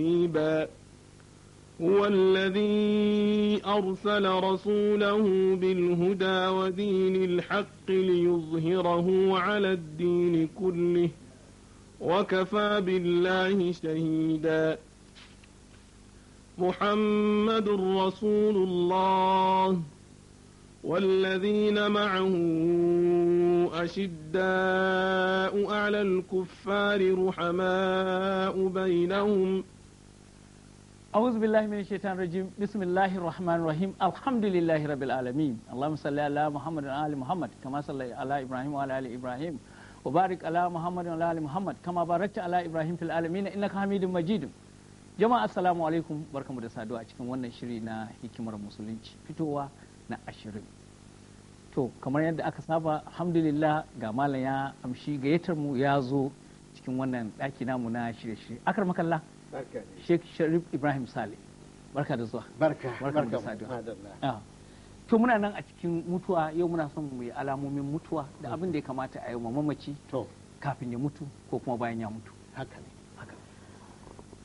قريبا هو الذي أرسل رسوله بالهدى ودين الحق ليظهره على الدين كله وكفى بالله شهيدا محمد رسول الله والذين معه أشداء على الكفار رحماء بينهم ۖ أعوذ بالله من الشيطان الرجيم بسم الله الرحمن الرحيم الحمد لله رب العالمين اللهم صل على محمد وعلى محمد كما صلى على إبراهيم وعلى آل إبراهيم وبارك على محمد وعلى آل محمد كما باركت على إبراهيم في العالمين إنك حميد مجيد jama'a السلام عليكم barkamu da saduwa a cikin wannan shiri na hikimar musulunci fitowa na ashirin to kamar yadda aka saba alhamdulillah ga malam amshi gayyatar mu ya cikin wannan ɗaki namu na shirye-shirye akar makalla Sheikh Sharif Ibrahim Sale barka da zuwa barka barka da saduwa ah. to muna nan a cikin mutuwa yau muna son mu yi alamomin mutuwa da abin da ya kamata a yi wa mamaci to kafin ya mutu ko kuma bayan ya mutu haka ne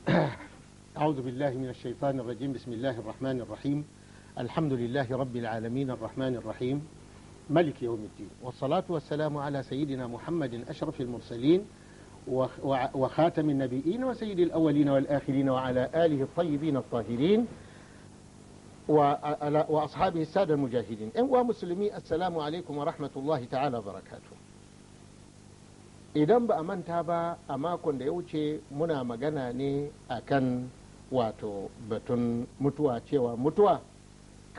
haka أعوذ بالله من الشيطان الرجيم بسم الله الرحمن الرحيم الحمد لله رب العالمين الرحمن الرحيم ملك يوم الدين والصلاة والسلام على سيدنا محمد أشرف المرسلين وخاتم النبيين وسيد الأولين والآخرين وعلى آله الطيبين الطاهرين وأصحابه السادة المجاهدين إن ومسلمي السلام عليكم ورحمة الله تعالى وبركاته idan ba a manta ba a makon da ya wuce muna magana ne akan wato batun mutuwa cewa mutuwa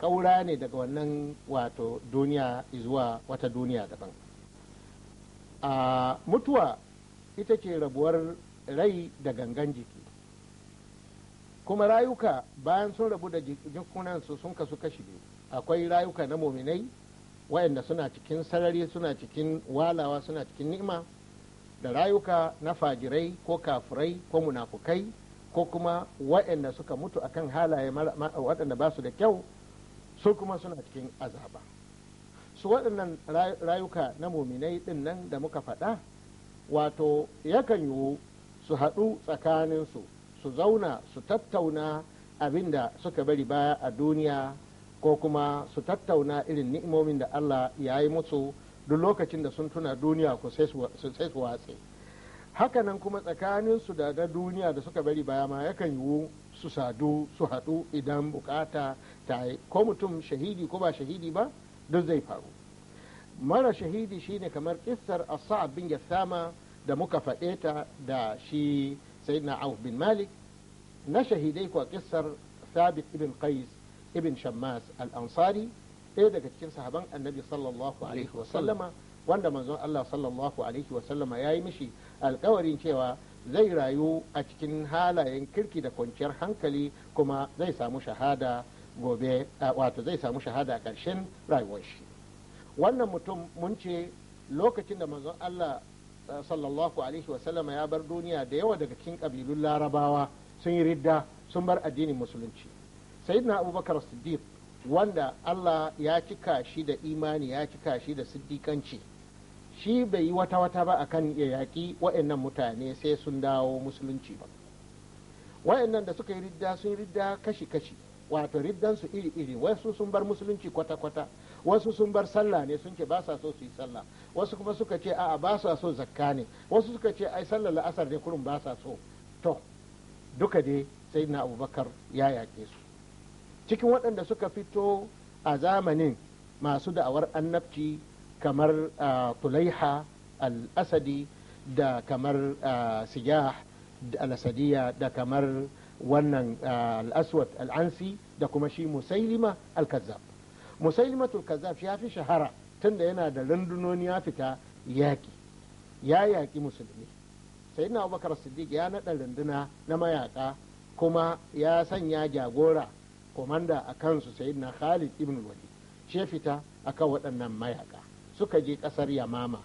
ƙaura ne daga wannan wato duniya zuwa wata duniya daban a mutuwa ita ce rabuwar rai da gangan jiki kuma rayuka bayan sun rabu da jikunansu sun kasu kashi biyu akwai rayuka na mominai wayanda suna cikin sarari suna cikin walawa suna cikin ni'ima da rayuka na fajirai ko kafurai ko munafukai ko kuma wayanda suka mutu akan halaye waɗanda ba su da kyau su kuma suna cikin azaba su waɗannan rayuka na mominai ɗin nan da muka faɗa wato yakan yiwu su haɗu tsakaninsu su zauna su tattauna abin da suka bari baya a duniya ko kuma su tattauna irin ni'imomin da Allah ya yi musu duk lokacin da sun tuna duniya ko sai su watse hakanan kuma tsakaninsu da na duniya da suka bari baya ma yakan yiwu su sadu su haɗu idan bukata ta ko mutum shahidi ko ba shahidi ba duk zai faru mara shahidi shine kamar kissar as bin yassama da muka faɗe ta da shi sayyidina auf bin malik na shahidai kuwa kissar thabit ibn qais ibn shammas al-ansari ɗaya daga cikin sahaban annabi sallallahu alaihi wasallama wanda manzon Allah sallallahu alaihi wasallama yayi mishi alkawarin cewa zai rayu a cikin halayen kirki da kwanciyar hankali kuma zai samu shahada gobe wato zai samu shahada a ƙarshen rayuwar shi wannan mutum mun ce lokacin da manzon Allah eh, sallallahu alaihi wasallama ya bar duniya da yawa daga cikin kabilun larabawa sun yi ridda sun bar addinin musulunci sayyidina abubakar siddiq wanda Allah ya cika shi da imani ya cika shi da siddiƙanci shi bai yi wata wata ba akan ya yaƙi wa'annan mutane sai sun dawo musulunci ba wa'annan da suka yi ridda sun yi ridda kashi kashi wato riddansu iri iri wasu sun bar musulunci kwata kwata wasu sun bar sallah ne sun ce ba sa so su yi sallah wasu kuma suka ce a'a ba sa so zakka ne wasu suka ce ai sallar la'asar ne kurun ba sa so to duka dai sai na abubakar ya yaƙe su cikin waɗanda suka fito a zamanin masu da'awar annabci kamar tulaiha al-asadi da kamar siyah al-asadiya da kamar wannan al-aswad al-ansi da kuma shi musailima al-kazzab musailimatul kazaf ya fi shahara tunda yana da rundunoni ya fita yaƙi ya yaƙi musulmi sai na abubakar siddiq ya naɗa runduna na mayaƙa kuma ya sanya jagora komanda a kansu sai na khalid ibn wali shi fita a kan waɗannan mayaƙa suka je ƙasar yamama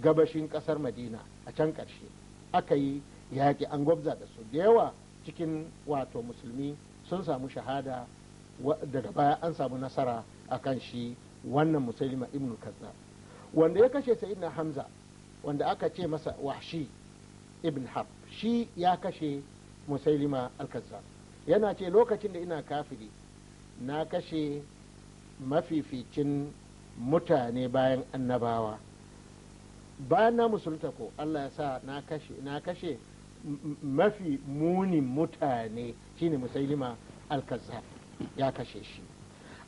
gabashin ƙasar madina a can ƙarshe aka yi yaƙi an gwabza da su da yawa cikin wato musulmi sun samu shahada daga baya an samu nasara akan shi wannan musulma ibn kaza wanda ya kashe sayyidina hamza wanda aka ce masa wahshi ibn hab shi ya kashe musulma al yana ce lokacin da ina kafiri na kashe mafificin mutane bayan annabawa bayan na musulta ko allah ya sa na kashe na kashe mafi munin mutane shine musailima al ya kashe shi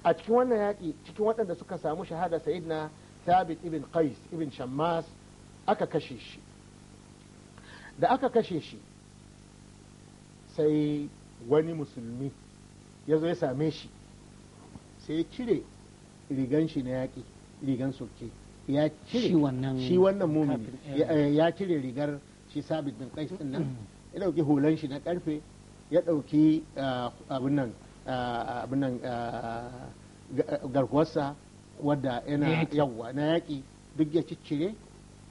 a cikin wannan yaƙi cikin waɗanda suka samu shahada na thabit ibn qais ibn shammas aka kashe shi da aka kashe shi sai wani musulmi ya zo ya same shi sai ya cire rigan shi na yaƙi rigan sulke ya cire shi wannan mumini ya cire rigar shi thabit bin qais din nan mm. ya ɗauki hulan shi na karfe ya ɗauki ah, abin nan abinan garkuwarsa wadda yana yawwa na yaƙi duk ya ciccire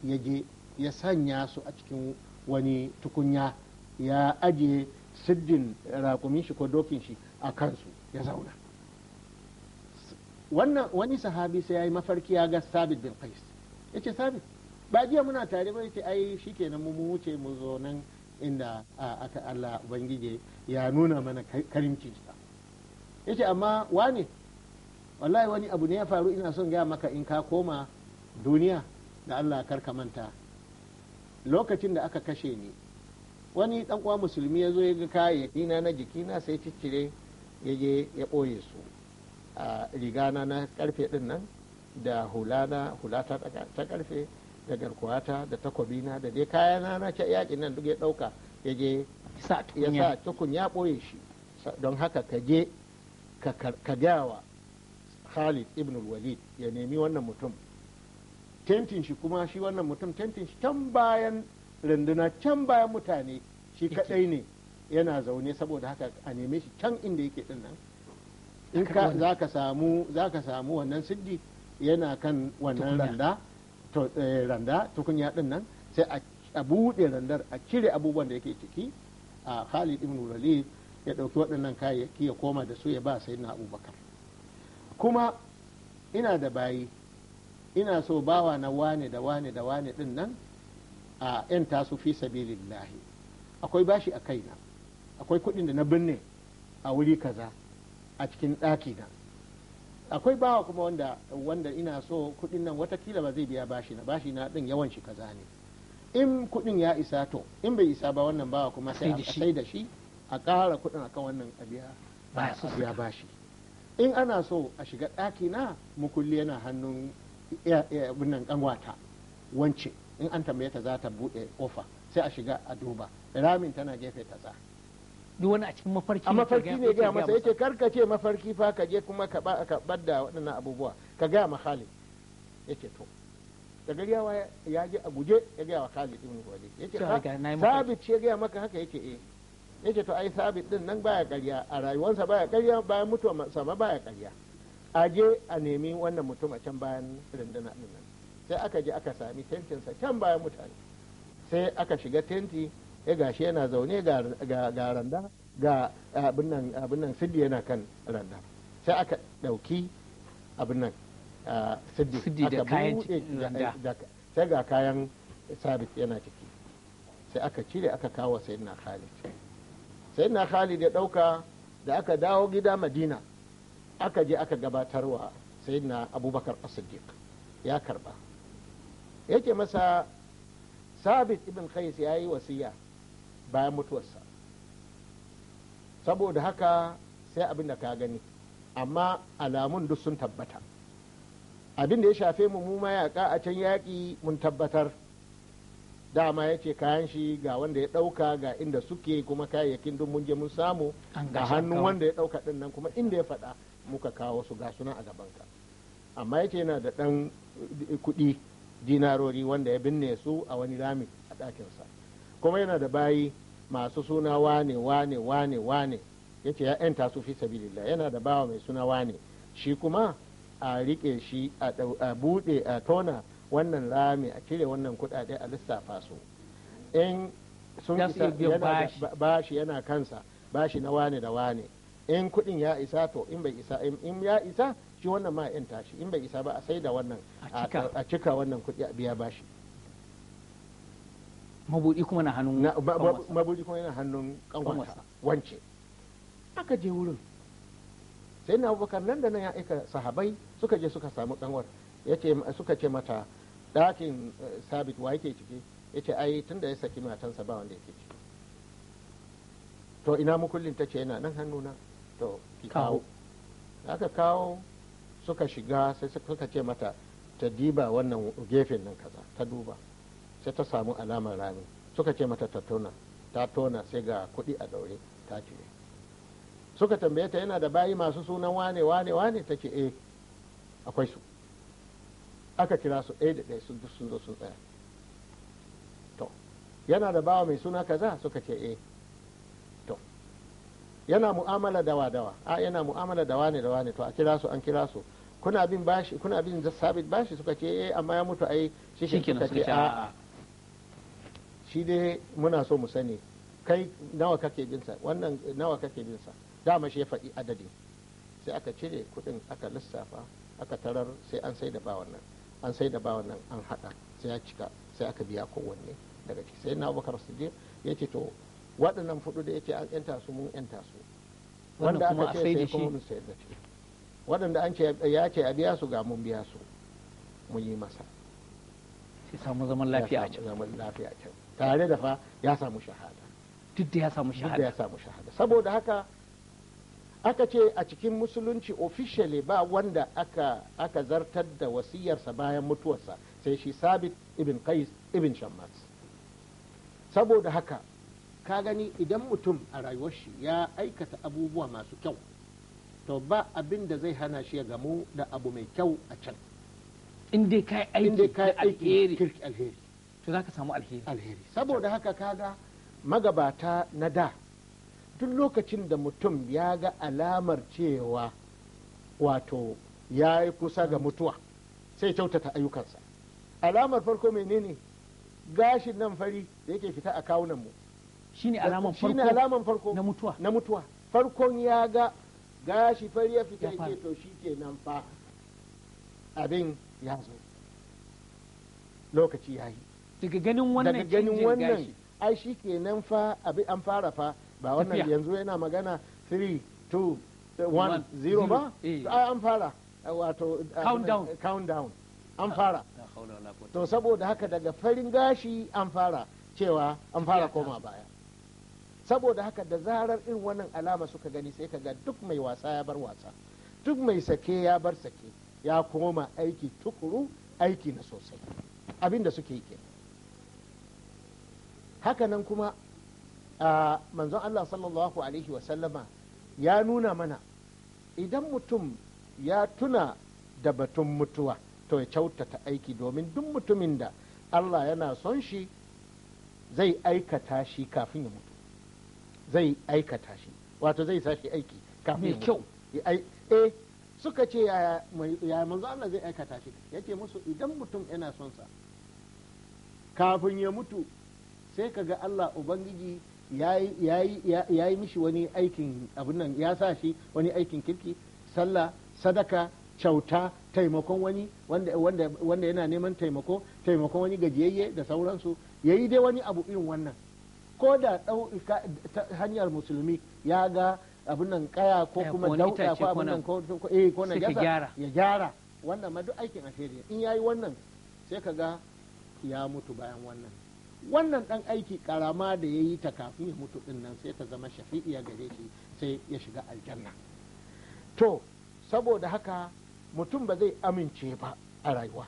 ya je ya sanya su a cikin wani tukunya ya ajiye siddin rakumin shi ko dokin shi a kansu ya zauna wannan wani sahabi sai ya yi mafarki ya ga sabit bin qais ya ce sabit ba jiya muna tare ba ce ai shi kenan mu wuce mu zo nan inda aka Allah ubangije ya nuna mana karimci yace amma wane wallahi wani abu ne ya faru ina son gaya maka in ka koma duniya da Allah kar ka manta lokacin da aka kashe ni wani dan uwa musulmi ya zo ya ga kayayyaki na na jikina sai ciccire ya je ya ɓoye su a rigana na karfe din nan da hulana hulata ta karfe da garkuwata da takobina da dai kayana na yaƙin nan duk ya ɗauka ya je ya sa tukun ya ɓoye shi don haka ka je ka gawa khalid ibn walid ya nemi wannan mutum tentin shi kuma shi wannan mutum tentin shi can bayan runduna can bayan mutane shi kadai ne yana zaune saboda haka a neme shi can inda yake din nan in za ka samu za samu wannan siddi yana kan wannan randa to eh, randa tukunya din nan sai a bude randar a cire abubuwan da yake ciki a Khalid ibn Walid ya ɗauki waɗannan kayayyaki ya koma da su ya ba sai na abubakar kuma ina da bayi ina so bawa na wane da wane da wane ɗin nan a 'yan tasu fi sabilillahi akwai bashi a kaina akwai kuɗin da na binne a wuri kaza a cikin ɗaki na akwai bawa kuma wanda wanda ina so kuɗin nan watakila ba zai biya bashi na bashi na ɗin yawan shi kaza ne in kuɗin ya isa to in bai isa ba wannan bawa kuma sai da shi a ƙara kuɗin akan wannan abiya ba su ya bashi in ana so a shiga ɗaki na mukulli yana hannun nan ƙanwata wance in an tambaye ta za ta buɗe ƙofa sai a shiga a duba ramin tana gefe ta za duk wani a cikin mafarki a mafarki ne ga masa yake karkace mafarki fa ka je kuma ka da waɗannan abubuwa ka gaya ma Khalid yake to da gariyawa ya je a guje ya gaya wa Khalid ibn Walid yake sabit ce gaya maka haka yake eh yace to ai sabit din nan baya karya a rayuwarsa baya karya bayan mutuwa sama baya karya a je a nemi wannan mutum a can bayan rundunar din nan sai aka je aka sami tentinsa can bayan mutane sai aka shiga tenti ya eh, gashi yana zaune ga randa ga abin nan siddi yana kan randa sai aka ɗauki abin nan siddi kayan randa sai ga kayan sabit yana ciki sai aka cire aka kawo na khalid sai na khalid ya ɗauka da aka dawo gida madina aka je aka gabatarwa sai na abubakar as ya karba yake masa sabit ibn khais ya yi wasiya bayan mutuwarsa saboda haka sai abin da ka gani amma alamun duk sun tabbata abin da ya shafe mu mu yaƙa a can yaƙi mun tabbatar dama ya ce kayan shi ga wanda ya ɗauka ga inda suke kuma kayayyakin duk mun mun samu ga hannun wanda ya ɗauka ɗin nan kuma inda ya faɗa muka kawo su ga suna a gabanka amma ya ce yana da ɗan eh, kuɗi dinarori wanda ya binne su a wani rami a ɗakinsa kuma yana da bayi masu suna wane wane wane wane ya ce ya yanta su fi sabilillah yana da bawa mai suna wane shi kuma a rike shi a buɗe a tona wannan rami a cire wannan kudade a lissafa su in sun isa bashi yana kansa bashi na wane da wane in kuɗin ya isa to in bai isa in ya isa shi wannan ma in tashi in bai isa ba a sai da wannan a cika wannan kuɗi a biya bashi mabudi kuma na hannun mabudi kuma na hannun kanwansa wance aka je wurin sai na abubakar nan da nan ya aika sahabai suka je suka samu kanwar suka ce mata Dakin eh, sabit wa yake ciki ya ce ai tun da ya saki matansa ba wanda yake ciki to ina mukullin ta ce yana nan hannuna to ki kawo aka kawo suka shiga sai suka ce mata ta diba wannan gefen nan kaza ta duba sai ta samu alamar rami suka ce mata ta tona ta tona sai ga kuɗi a daure ta cire suka tambaye ta yana da bayi masu sunan wane wane wane ta ce eh akwai su aka kira su ɗaya eh, da ɗaya su duk sun zo sun tsaya to yana da bawa mai suna kaza suka ce eh to yana mu'amala dawa dawa a yana mu'amala dawa ne dawa ne to a kira su an kira su kuna bin bashi kuna bin sabit bashi suka ce eh amma ya mutu ai shi shi suka ce a'a shi dai muna so mu sani kai nawa kake bin sa wannan nawa kake bin sa dama shi ya faɗi adadin sai aka cire kuɗin aka lissafa aka tarar sai an sai da ba wannan an sai da bawan nan an haɗa sai ya cika sai aka biya kowanne daga ciki sai na abubakar siddiq ya ce to waɗannan fudu da ya ce an yanta su mun yanta su wanda aka ce sai kuma mun sayar da shi waɗanda an ce ya ce a biya su ga mun biya su mun yi masa sai samu zaman lafiya a can zaman lafiya a can tare da fa ya samu shahada duk da ya samu shahada duk da ya samu shahada saboda haka aka ce a cikin musulunci officially ba wanda aka, aka zartar da wasiyarsa bayan mutuwarsa sai shi sabit ibn qais ibn shammas saboda haka ka gani idan mutum a rayuwar shi ya aikata abubuwa masu kyau to ba abin da zai hana shi ya gamu da abu mai kyau a can in dai ka aiki alheri to za ka samu alheri saboda haka kaga magabata na da duk lokacin da mutum ya ga alamar cewa wato ya yi kusa ga mutuwa sai kyautata ayyukansa alamar farko menene gashin nan fari da yake fita a kawunan mu shine alaman farko farko na mutuwa farkon ya ga gashi fari ya fita yake to shi ke nan fa abin ya zo lokaci ya yi daga ganin wannan ai nan fa abin an fara fa ba wannan yanzu yana magana 3 2 1 0 ba eh. a an fara wato eh, countdown an fara to saboda haka daga farin gashi an fara cewa an fara koma baya saboda haka da zarar irin wannan alama suka gani sai ka ga duk mai wasa ya bar wasa duk mai sake ya bar sake ya koma aiki tukuru aiki na sosai abin da suke yi haka nan kuma manzon Allah sallallahu alaihi wasallama ya nuna mana idan mutum ya tuna da batun mutuwa to ya kyautata aiki domin duk mutumin da Allah yana son shi zai aikata shi kafin ya mutu zai aikata shi wato zai sa shi aiki kafin ya kyau E, suka ce ya manzo Allah zai aikata shi yake musu idan mutum yana son sa kafin ya mutu sai kaga Allah ubangiji ya yi mishi wani aikin abin nan ya sa shi wani aikin kirki sallah sadaka kyauta taimakon wani wanda, yana neman taimako taimakon wani gajiyayye da sauransu ya yi dai wani abu irin wannan ko da hanyar musulmi ya ga abin nan kaya ko eh, kuma dauka ko abin nan eh, ko na jasa ya gyara wannan ma duk aikin alheri in yi wannan sai ka ga ya mutu bayan wannan wannan dan aiki karama da ya yi ta kafin ya mutu din nan sai ta zama shafi'iya gare shi sai ya shiga aljanna to saboda haka mutum ba zai amince ba a rayuwa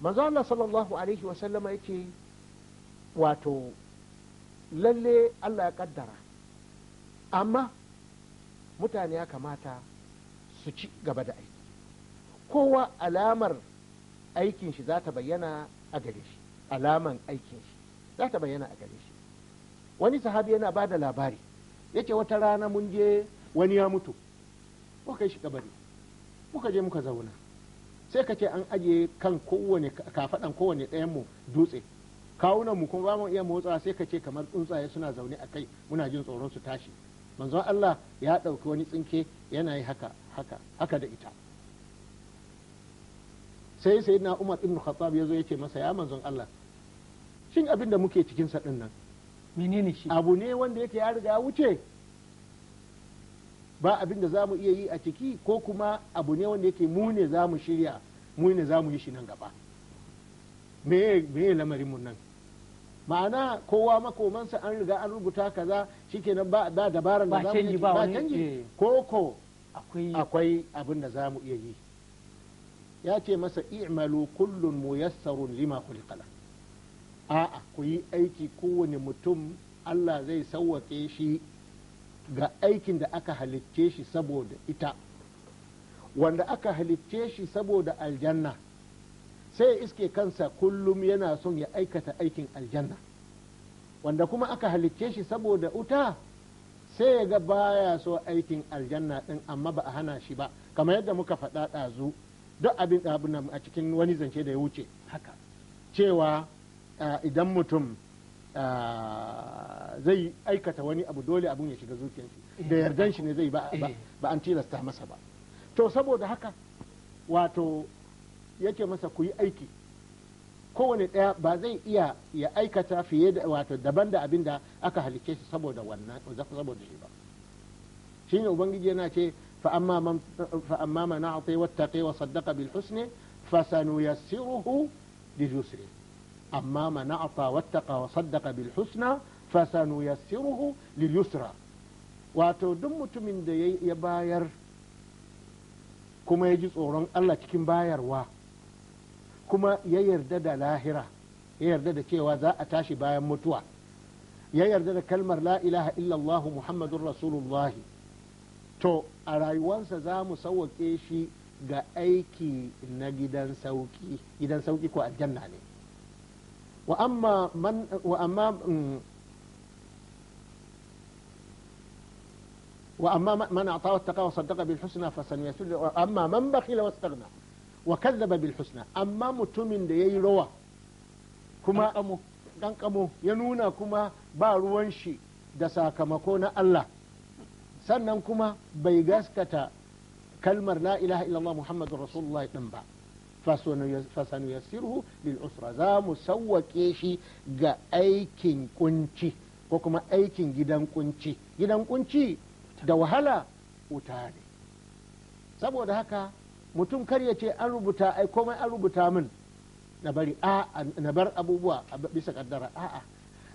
manzo Allah sallallahu alaihi wasallama yake wato lalle Allah ya kaddara amma mutane ya kamata su ci gaba da aiki kowa alamar aikin shi za ta bayyana a gare shi alaman aikin shi za ta bayyana a gare shi wani sahabi yana ba da labari yake wata rana mun je wani ya mutu muka kai shi kabari muka je muka zauna sai ka ce an ajiye kan kowane kafadan kowane ɗayan mu dutse kawunan mu kuma ba mu iya motsa sai ka ce kamar tsuntsaye suna zaune a kai muna jin tsoron su tashi manzon Allah ya ɗauki wani tsinke yana yi haka haka haka da ita sai sai na Umar ibn Khattab ya zo masa ya manzon Allah cikin abin da muke cikin sa nan menene shi abu ne wanda yake ya riga wuce ba abin da zamu iya yi a ciki ko kuma abu ne wanda yake mu ne zamu shirya mu ne zamu yi shi nan gaba me me lamarin mu nan ma'ana kowa makomansa an riga an rubuta kaza shikenan ba da dabaran da zamu yi ba canji eh. ko ko akwai abin da zamu iya yi ya ce masa i'malu kullun muyassarun lima khuliqala a'a ku yi aiki kowane mutum Allah zai sawwake shi ga aikin da aka halicce shi saboda ita wanda aka halicce shi saboda aljanna sai iske kansa kullum yana son ya aikata aikin aljanna wanda kuma aka halicce shi saboda uta sai ya ga baya so aikin aljanna ɗin amma ba a hana shi ba kamar yadda muka faɗa ɗazu duk abin a cikin wani zance da ya wuce haka cewa Ah, idan mutum ah, zai aikata wani abu dole abun ya shiga zuciyarsa da eh. yardan shi ne zai eh. ba an tilasta masa ba to saboda haka wato yake masa ku yi aiki kowane ɗaya ba zai iya ya aikata fiye da wato daban da abinda aka halice shi saboda wannan saboda shi ba ne ubangiji yana ce fa amma man a'ti wattaqi wa saddaqa bil husni fa sanuyassiruhu li yusri amma man a'ta wattaqa wa saddaqa bil husna fasanuyassiruhu lil yusra wato duk mutumin da ya bayar kuma ya ji tsoron Allah cikin bayarwa kuma ya yarda da lahira ya yarda da cewa za a tashi bayan mutuwa ya yarda da kalmar la'ilaha ilaha illallah muhammadun rasulullahi to a rayuwarsa za mu sauwaƙe shi ga aiki na gidan sauki ko aljanna ne wa amma man wa amma وأما من أعطاه واتقى وصدق بالحسنى فسنيسر أما من بخل واستغنى وكذب da yayi rawa kuma kankamo ya nuna kuma ba ruwan shi da sakamako na Allah sannan kuma bai gaskata kalmar la ilaha illallah muhammadur rasulullah din ba fasanuyassirhu lil usra za mu sawwake shi ga aikin kunci ko kuma aikin gidan kunci gidan kunci da wahala wuta ne saboda haka mutum kar ya ce an rubuta ai komai an rubuta min na bari a na bar abubuwa bisa kaddara a'a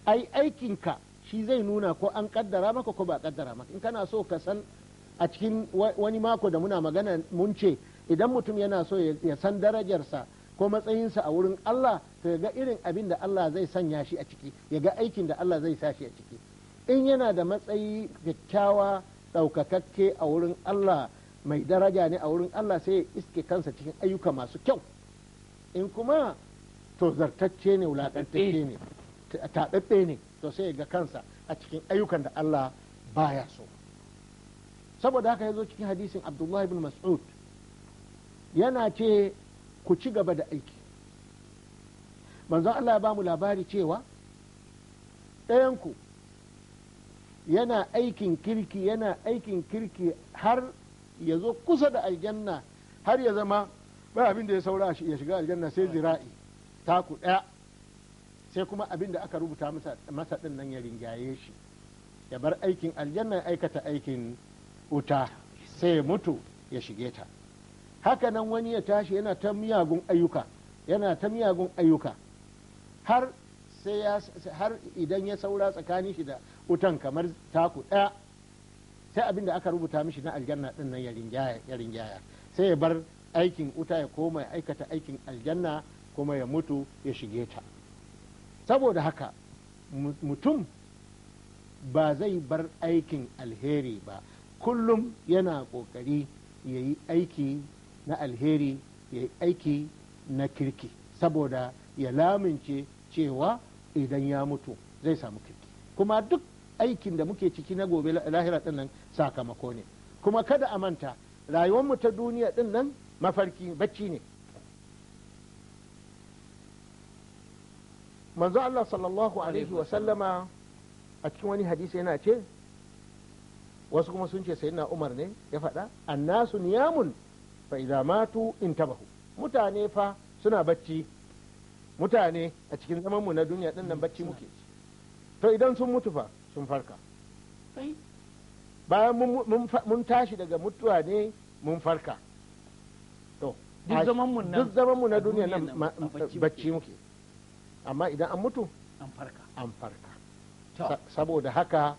ai aikinka shi zai nuna ko an kaddara maka ko ba kaddara maka in kana so ka san a cikin wani mako da muna magana mun ce idan mutum yana so ya san darajarsa ko matsayinsa a wurin Allah to ya ga irin abin da Allah zai sanya shi a ciki ya ga aikin da Allah zai sa shi a ciki in yana da matsayi kyakkyawa ɗaukakakke a wurin Allah mai daraja ne a wurin Allah sai ya iske kansa cikin ayyuka masu kyau in kuma to zartacce ne wulaƙantacce ne taɗaɗɗe ne to sai ya ga kansa a cikin ayyukan da Allah baya so saboda haka ya zo cikin hadisin Abdullahi bin Mas'ud yana ce ku ci gaba da aiki manzon Allah ba mu labari cewa ɗayanku yana aikin kirki yana aikin kirki har ya zo kusa da aljanna har ya zama ba abin da ya saura ya shiga aljanna sai zira'i taku ɗaya sai kuma abin da aka rubuta masa ɗin nan ya ringaye shi ya bar aikin aljanna ya aikata aikin wuta sai ya mutu ya shige ta haka nan wani ya tashi yana ta miyagun ayyuka yana ta miyagun ayyuka har sai ya har idan ya saura tsakanin shi da wutan kamar taku ɗaya sai abin da aka rubuta mishi na aljanna din nan ya ringaya sai ya bar aikin wuta ya koma ya aikata aikin aljanna kuma ya mutu ya shige ta saboda haka mutum ba zai bar aikin alheri ba kullum yana ƙoƙari ya yi aiki na alheri ya aiki na kirki saboda ya lamince cewa idan ya mutu zai samu kirki kuma duk aikin da muke ciki na gobe lahira din nan sakamako ne kuma kada a manta rayuwarmu ta duniya din nan mafarki bacci ne manzo Allah sallallahu alaihi wa sallama a cikin wani hadisi yana ce wasu kuma sun ce sayyidina Umar ne ya faɗa annasu niyamun fa idza matu intabahu mutane fa suna bacci mutane a cikin zaman mu na duniya din nan bacci muke to idan sun mutu fa sun farka bayan mun tashi daga mutuwa ne mun farka to duk zaman mu na duniya nan bacci muke amma idan an mutu an farka saboda haka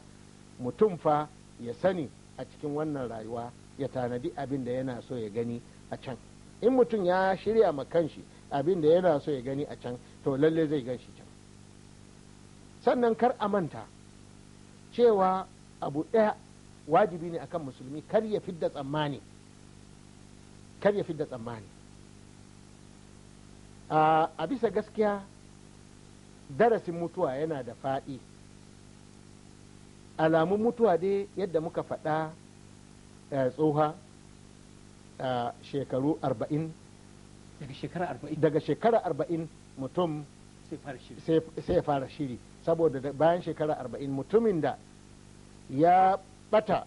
mutum fa ya sani a cikin wannan rayuwa ya tanadi abin da yana so ya gani a can in mutum ya shirya ma kanshi abin da yana so ya gani a can to lalle zai gan shi can sannan kar a manta cewa abu ɗaya wajibi ne akan musulmi kar ya fidda tsammani kar ya fidda tsammani a bisa gaskiya darasin mutuwa yana da faɗi alamun mutuwa dai yadda muka faɗa Eh, tsoha eh, shekaru arba'in daga shekara 40 mutum sai fara shiri saboda bayan shekara arba'in mutumin da ya bata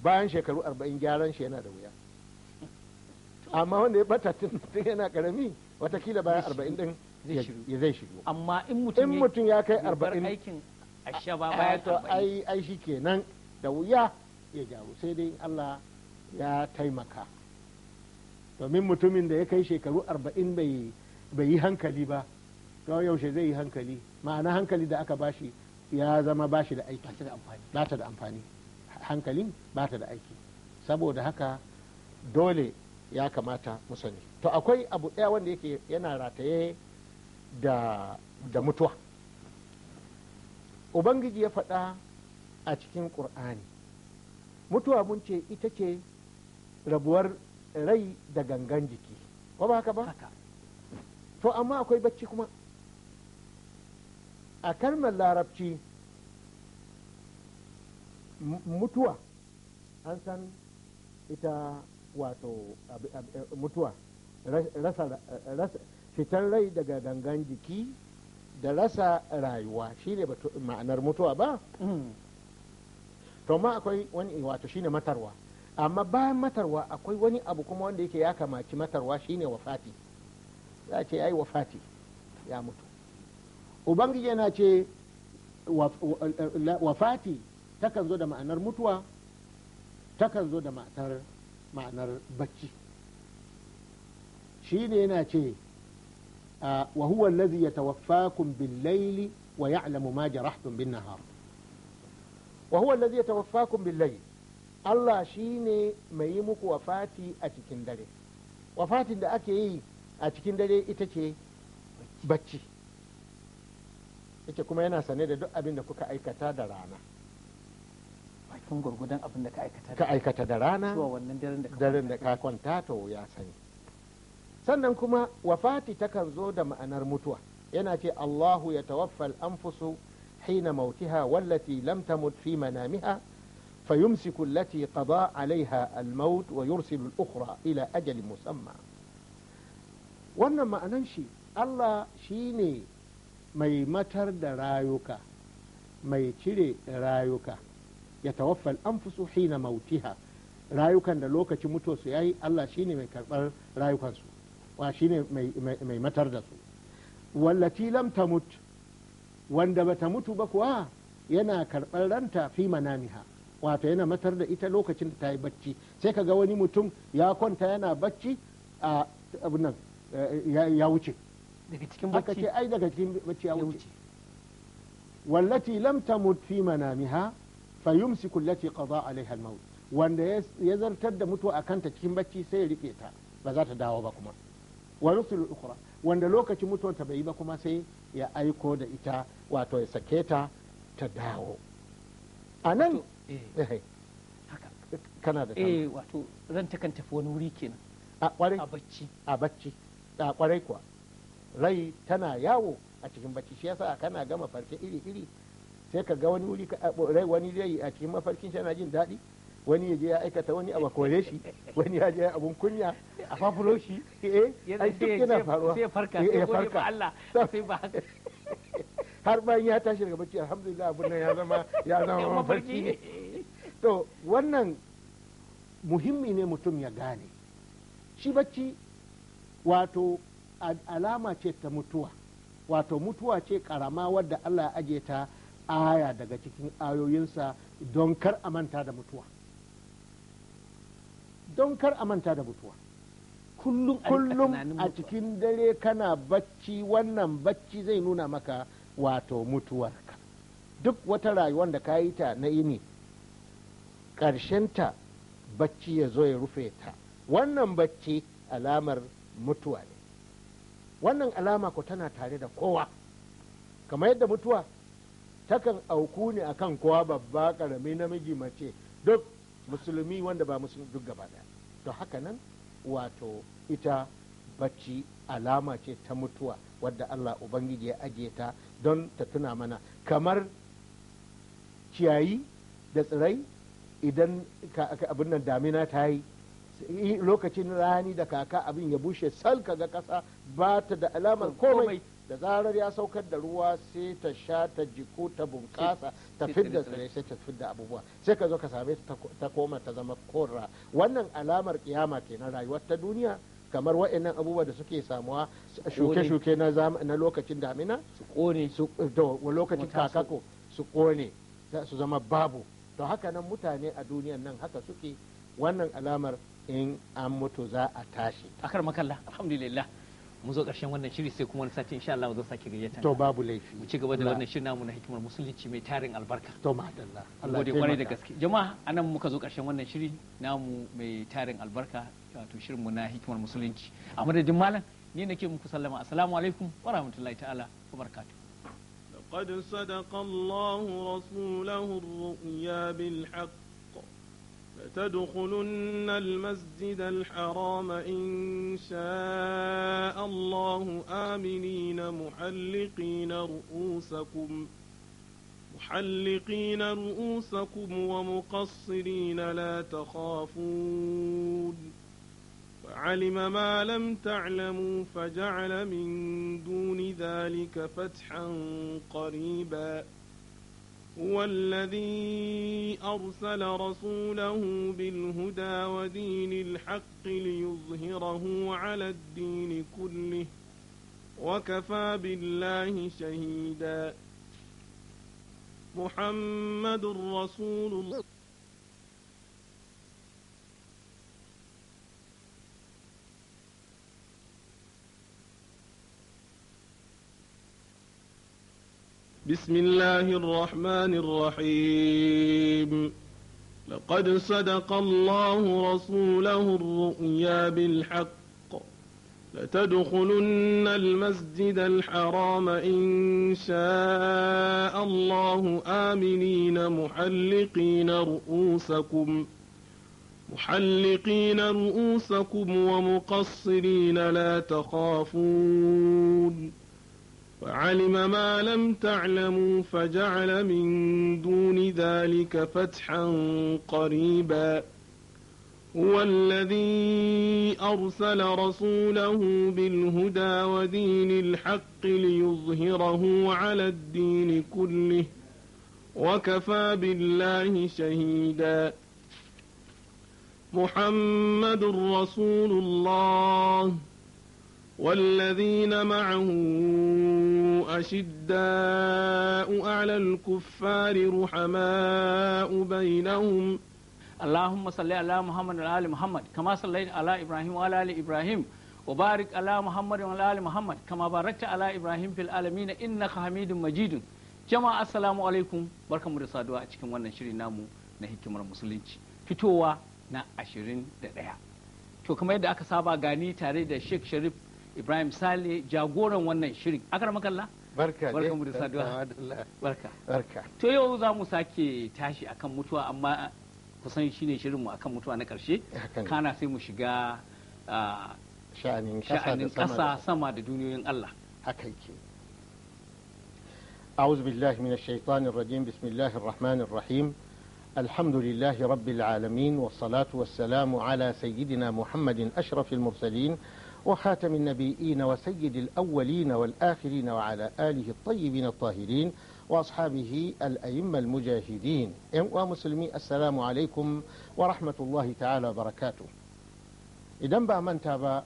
bayan shekaru arba'in gyaran shi yana da wuya amma wanda ya bata tun yana karami watakila bayan arba'in din ya zai shigo amma in mutum ya kai arba'in aikin ashe bayan 40 eh, ai shi kenan da wuya ya jawo sai dai Allah ya taimaka domin mutumin da ya kai shekaru arba'in bai yi hankali ba to yaushe zai yi hankali ma'ana hankali da aka bashi ya zama bashi da aiki ba ta da amfani hankalin ba ta da aiki saboda haka dole ya kamata mu sani to akwai abu ɗaya wanda yake yana rataye da, da mutuwa ubangiji ya faɗa a cikin ƙur'ani mutuwa mun ce ita ce rabuwar rai da gangan jiki ba ba haka ba to amma akwai bacci kuma a kalmar larabci mutuwa an san ita wato mutuwa fitar rai daga gangan jiki da rasa rayuwa shine ma'anar mutuwa ba mm. to ma akwai wani wato shine matarwa amma bayan matarwa akwai wani abu kuma wanda yake ya kamaci matarwa shine wafati za ce ya yi wafati ya mutu ubangiji yana ce wafati takan zo da ma'anar mutuwa takan zo da ma'anar ma'anar bacci shine yana ce wa huwa allazi yatawaffakum bil-laili wa ya'lamu ma jarahtum bin-nahar wa huwa allazi yatawaffakum bil Allah shine mai yi muku wafati a cikin dare wafatin da ake yi a cikin dare ita ce bacci yake kuma yana sane da duk abin da kuka aikata da rana bakin gurgudan abin da ka aikata da rana zuwa wannan daren da ka kwanta to ya sani sannan kuma wafati takan zo da ma'anar mutuwa yana ce Allahu ya tawaffal anfusu حين موتها والتي لم تمت في منامها فيمسك التي قضى عليها الموت ويرسل الأخرى إلى أجل مسمى وانما أننشي الله شيني مي متر رايوكا مي تشري رايوكا يتوفى الأنفس حين موتها رايوكا لوكا تموتو سيأي الله شيني مي كربر رايوكا سو وشيني مي, مي, مي والتي لم تمت wanda bata mutu ba kuwa yana karɓar ranta fi manamiha wato yana matar da ita lokacin da ta yi bacci sai ga wani mutum ya kwanta yana bacci a abunan eh, ya wuce daga cikin bacci ce ai daga cikin bacci ya wuce wallati lam tamut fi manamiha fayumsiku allati qada alaiha almaut wanda ya zartar da mutuwa a kanta cikin bacci sai ya rike ta ba za ta dawo ba kuma wa rusul ukhra wanda lokacin mutuwarta bai yi ba kuma sai ya aiko da ita wato ya sake ta ta dawo a nan eh, eh, eh, kana da eh wato ran ta kan tafi wani wuri kenan a kwarai a bacci a bacci a kwarai kuwa rai tana yawo a cikin bacci shi yasa kana gama farke iri iri sai ka ga wani wuri rai wani rai a cikin mafarkin shi jin daɗi wani ya je ya aikata wani abu kore shi wani ya je abun kunya a fafuro shi eh, eh ai duk yana faruwa sai farka eh, sai gode ba Allah sai ba har bayan ya tashi daga bacci alhamdulillah abun nan ya zama ya zama mafarki ne to wannan muhimmi ne mutum ya gane shi bacci wato alama ce ta mutuwa wato mutuwa ce karama wadda Allah ya aje ta aya daga cikin ayoyinsa don kar a manta da mutuwa. don kar a manta da mutuwa kullum a cikin dare kana bacci wannan bacci zai nuna maka wato mutuwarka duk wata rayuwar da ka yi ta na ini ta bacci ya zo ya rufe ta wannan bacci alamar mutuwa ne wannan alama ko tana tare da kowa kamar yadda mutuwa takan auku ne akan kowa babba karami namiji mace duk musulmi wanda ba musulmi duk gaba daya to haka nan wato ita bacci alama ce ta mutuwa wadda Allah Ubangiji ya ajiye ta don ta tuna mana kamar ciyayi da tsirai idan abin nan damina ta yi lokacin rani da kaka abin ya bushe sal ga kasa ba ta da alamar komai da zarar ya saukar da ruwa sai ta sha ta jiko ta bunƙasa ta fidda tsirrai sai ta fidda abubuwa sai ka zo ka same ta koma ta zama korra wannan alamar kiyama kenan rayuwar ta duniya kamar wa'annan abubuwa da suke samuwa shuke-shuke na lokacin damina su kone su lokacin kakako su kone su zama babu to haka nan mutane a duniyan nan haka suke wannan alamar in an mutu za a tashi akar makalla alhamdulillah mu zo ƙarshen wannan shiri sai kuma wani sati insha Allah zo sake gayyata to babu laifi mu ci gaba da wannan shirin namu na hikimar musulunci mai tarin albarka to madalla Allah gode kwarai da gaske jama'a anan muka zo ƙarshen wannan shiri namu mai tarin albarka wato shirin mu na hikimar musulunci a madadin malam ni nake muku sallama assalamu alaikum wa rahmatullahi ta'ala wa barakatuh لقد صدق الله رسوله الرؤيا بالحق لتدخلن المسجد الحرام إن شاء الله آمنين محلقين رؤوسكم محلقين رؤوسكم ومقصرين لا تخافون فعلم ما لم تعلموا فجعل من دون ذلك فتحا قريباً هو الذي أرسل رسوله بالهدى ودين الحق ليظهره على الدين كله وكفى بالله شهيدا محمد رسول الله بسم الله الرحمن الرحيم لقد صدق الله رسوله الرؤيا بالحق لتدخلن المسجد الحرام إن شاء الله آمنين محلقين رؤوسكم محلقين رؤوسكم ومقصرين لا تخافون وعلم ما لم تعلموا فجعل من دون ذلك فتحا قريبا هو الذي أرسل رسوله بالهدى ودين الحق ليظهره على الدين كله وكفى بالله شهيدا محمد رسول الله والذين معه أشداء على الكفار رحماء بينهم اللهم صل على محمد وعلى آل محمد كما صليت على إبراهيم وعلى آل إبراهيم وبارك على محمد وعلى آل محمد كما باركت على إبراهيم في العالمين إنك حميد مجيد جماعة السلام عليكم بركة مرسادة saduwa a cikin wannan shiri namu na hikimar musulunci fitowa na 21 to kamar yadda aka saba gani tare da sheikh sharif ibrahim sale jagoran wannan shirin akar makalla barka barka mu da saduwa barka barka to yau za mu sake tashi akan mutuwa amma kusan shine shirin mu akan mutuwa na ƙarshe kana sai mu shiga ah, sha'anin ƙasa sama da duniyoyin Allah haka yake أعوذ بالله من الشيطان الرجيم بسم الله الرحمن الرحيم الحمد لله رب العالمين والصلاة والسلام على سيدنا محمد أشرف المرسلين وخاتم النبيين وسيد الأولين والآخرين وعلى آله الطيبين الطاهرين وأصحابه الأئمة المجاهدين ومسلمي السلام عليكم ورحمة الله تعالى وبركاته إذا ba من تابا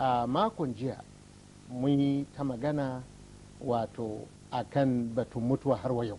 آه، ما كن jiya مي yi واتو أكن بتموت akan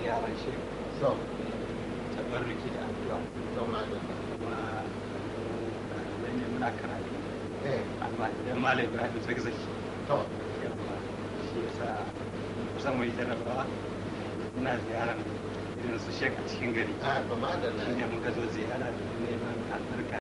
ziyarar shi tabarruki da addu'a kuma ne muna karatu eh. amma idan malam ibrahim zakzaki shi yasa kusan mai jarabawa muna ziyarar irin su shek a cikin gari ah, shi ne muka zo ziyara da neman albarka